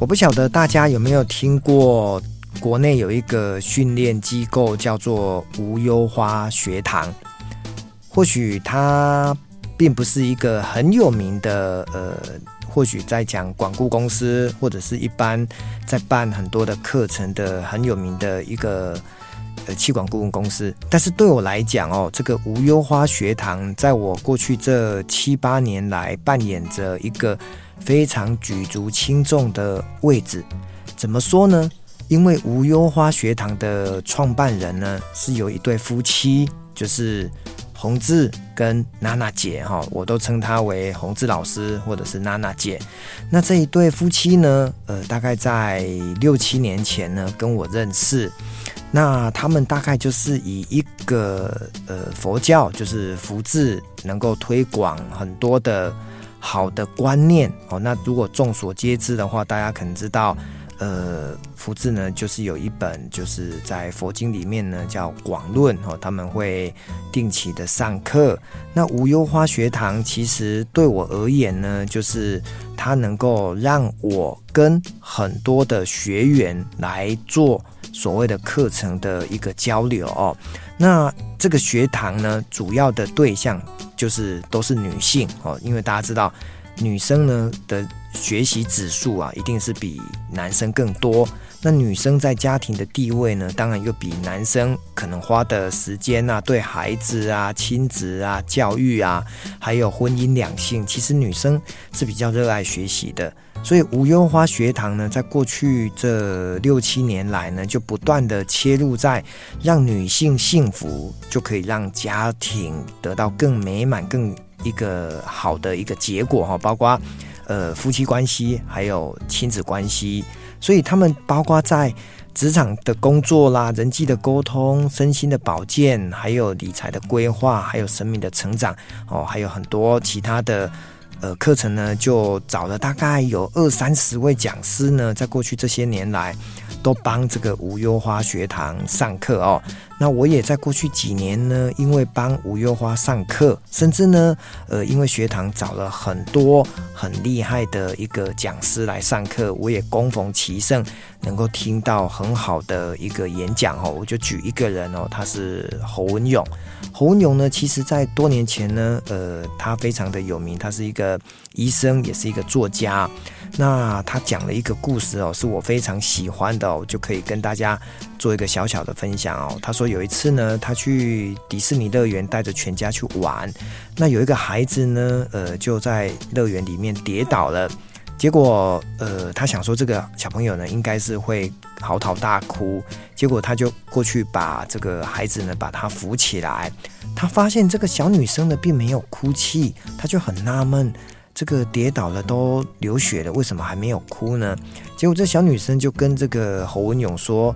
我不曉得大家有沒有聽過，國內有一個訓練機構叫做無憂花學堂，或許它並不是一個很有名的呃，或許在講管顧公司，或者是一般在辦很多的課程的很有名的一個呃企管顧問公司，但是對我來講哦，這個無憂花學堂在我過去這七八年來扮演着一個。非常舉足輕重的位置，怎麼說呢？因為無憂花學堂的創辦人呢，是有一對夫妻，就是宏志跟娜娜姐，哈，我都稱他為宏志老師或者是娜娜姐。那這一對夫妻呢，呃，大概在六七年前呢，跟我認識。那他們大概就是以一個呃佛教，就是福智能夠推廣很多的。好的觀念哦，那如果眾所皆知的話，大家可能知道，呃，福智呢，就是有一本，就是在佛經裡面呢叫《廣論》哦，他們會定期的上課。那無憂花學堂其實對我而言呢，就是它能夠讓我跟很多的學員來做所謂的課程的一個交流哦。那這個學堂呢，主要的對象。就是都是女性哦，因為大家知道。女生呢的學習指數啊，一定是比男生更多。那女生在家庭的地位呢，當然又比男生可能花的時間啊，對孩子啊、親子啊、教育啊，還有婚姻兩性，其實女生是比較熱愛學習的。所以無憂花學堂呢，在過去這六七年來呢，就不斷的切入在讓女性幸福，就可以讓家庭得到更美滿、更。一個好的一個結果哈，包括呃夫妻關係，還有親子關係，所以他們包括在職場的工作啦、人際的溝通、身心的保健，還有理財的規劃，還有生命的成長哦，還有很多其他的呃課程呢，就找了大概有二三十位講師呢，在過去這些年來都幫這個無憂花學堂上課哦。那我也在過去幾年呢，因為幫無憂花上課，甚至呢，呃，因為學堂找了很多很厲害的一個講師來上課，我也恭逢其盛，能夠聽到很好的一個演講哦。我就舉一個人哦，他是侯文詠。侯文詠呢，其實在多年前呢，呃，他非常的有名，他是一個醫生，也是一個作家。那他講了一個故事哦，是我非常喜歡的哦，我就可以跟大家做一個小小的分享哦。他說。有一次呢，他去迪士尼樂園帶着全家去玩，那有一個孩子呢，呃，就在樂園裡面跌倒了，結果，呃，他想說這個小朋友呢，應該是會嚎啕大哭。結果他就過去把這個孩子呢，把他扶起來，他發現這個小女生呢，並沒有哭泣，他就很納悶，這個跌倒了都流血了，為什麼還沒有哭呢？結果這小女生就跟這個侯文詠說。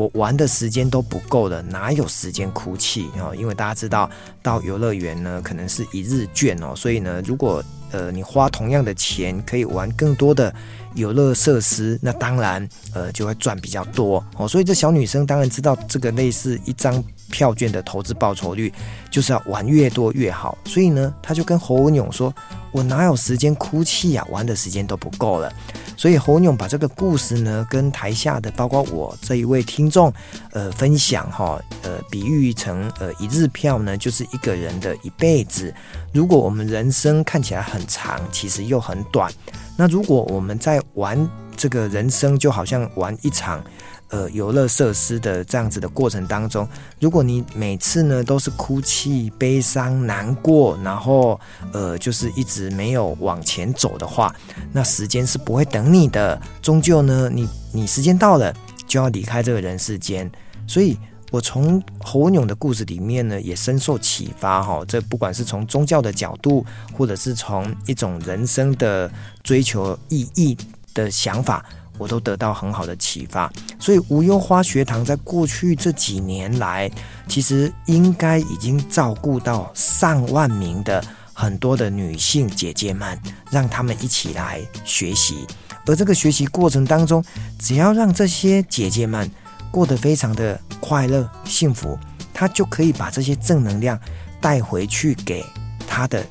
我玩的時間都不夠了，哪有時間哭泣啊？因為大家知道，到遊樂園呢，可能是一日券哦，所以呢，如果呃你花同樣的錢，可以玩更多的遊樂設施，那當然呃就會賺比較多哦。所以這小女生當然知道，這個類似一張票券的投資報酬率，就是要玩越多越好。所以呢，她就跟侯文詠說：“我哪有時間哭泣呀？玩的時間都不夠了。”所以侯勇把這個故事呢，跟台下的包括我這一位聽眾，呃，分享哈，呃，比喻成呃，一日票呢，就是一個人的一輩子。如果我們人生看起來很長，其實又很短。那如果我們在玩。這個人生就好像玩一場，呃，遊樂設施的這樣子的過程當中，如果你每次呢都是哭泣、悲傷、難過，然後呃，就是一直沒有往前走的話，那時間是不會等你的，終究呢，你你時間到了就要離開這個人世間。所以我從侯勇的故事裡面呢，也深受啟發哈、哦。這不管是從宗教的角度，或者是從一種人生的追求意義。的想法，我都得到很好的啟發。所以無憂花學堂在過去這幾年來，其實應該已經照顧到上萬名的很多的女性姐姐們，讓她們一起來學習。而這個學習過程當中，只要讓這些姐姐們過得非常的快樂幸福，她就可以把這些正能量帶回去給她的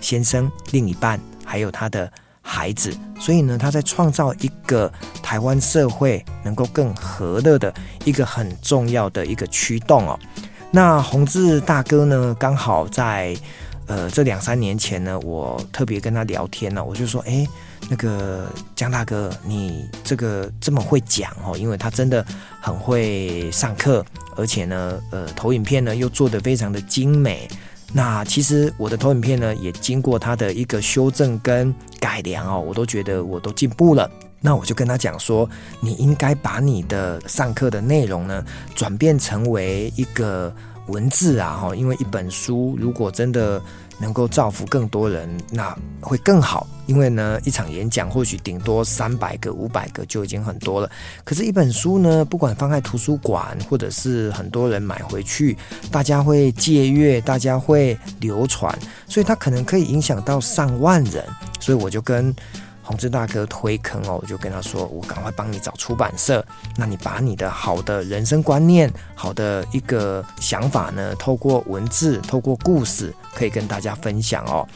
先生、另一半，還有她的。孩子，所以呢，他在創造一個臺灣社會能夠更和樂的一個很重要的一個驅動哦。那宏志大哥呢，剛好在呃這兩三年前呢，我特別跟他聊天呢，我就說，誒、欸，那個江大哥，你這個這麼會講哦，因為他真的很會上課，而且呢，呃，投影片呢又做得非常的精美。那其實我的投影片呢，也經過他的一個修正跟改良哦，我都覺得我都進步了。那我就跟他講說，你應該把你的上課的內容呢，轉變成為一個。文字啊，哈，因為一本書如果真的能夠造福更多人，那會更好。因為呢，一場演講或許頂多三百個、五百個就已經很多了，可是，一本書呢，不管放在圖書館，或者是很多人買回去，大家會借閱，大家會流傳，所以它可能可以影響到上萬人。所以我就跟。宏志大哥推坑哦，我就跟他說：“我趕快幫你找出版社，那你把你的好的人生觀念、好的一個想法呢，透過文字、透過故事，可以跟大家分享哦。”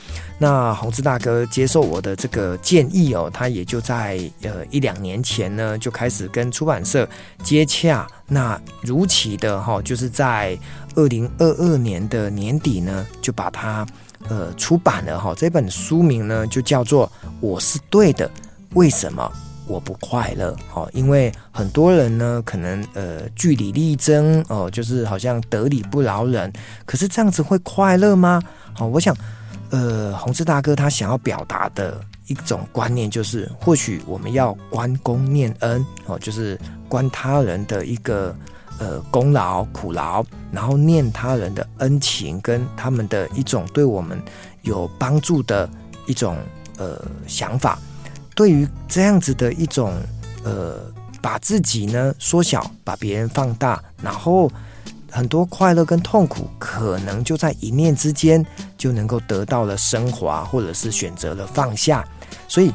那宏志大哥接受我的這個建議哦，他也就在呃一兩年前呢，就開始跟出版社接洽。那如期的哈、哦，就是在二零二二年的年底呢，就把它，呃，出版了哈，這本書名呢就叫做《我是對的》，為什麼我不快樂？好、哦，因為很多人呢，可能呃據理力爭哦，就是好像得理不饒人，可是這樣子會快樂嗎？好、哦，我想，呃，宏志大哥他想要表達的一種觀念就是，或許我們要觀功念恩哦，就是觀他人的一個。呃，功勞苦勞，然後念他人的恩情，跟他們的一種對我們有幫助的一種呃想法，對於這樣子的一種呃，把自己呢縮小，把別人放大，然後很多快樂跟痛苦，可能就在一念之間就能夠得到了升華，或者是選擇了放下。所以，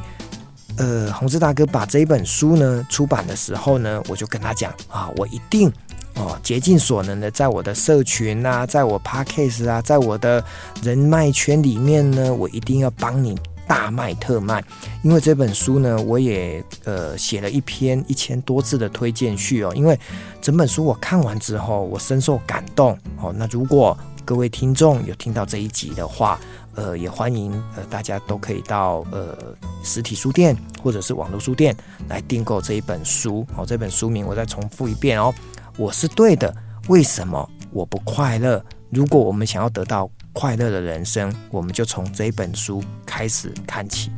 呃，宏志大哥把這一本書呢出版的時候呢，我就跟他講啊，我一定。哦，竭盡所能的在我的社群啊，在我 Podcast 啊，在我的人脈圈裡面呢，我一定要幫你大賣特賣。因為這本書呢，我也呃寫了一篇一千多字的推薦序哦。因為整本書我看完之後，我深受感動。哦，那如果各位聽眾有聽到這一集的話，呃，也歡迎呃大家都可以到呃實體書店或者是網絡書店來訂購這一本書。哦，這本書名我再重複一遍哦。我是對的，為什麼我不快樂？如果我們想要得到快樂的人生，我們就從這一本書開始看起。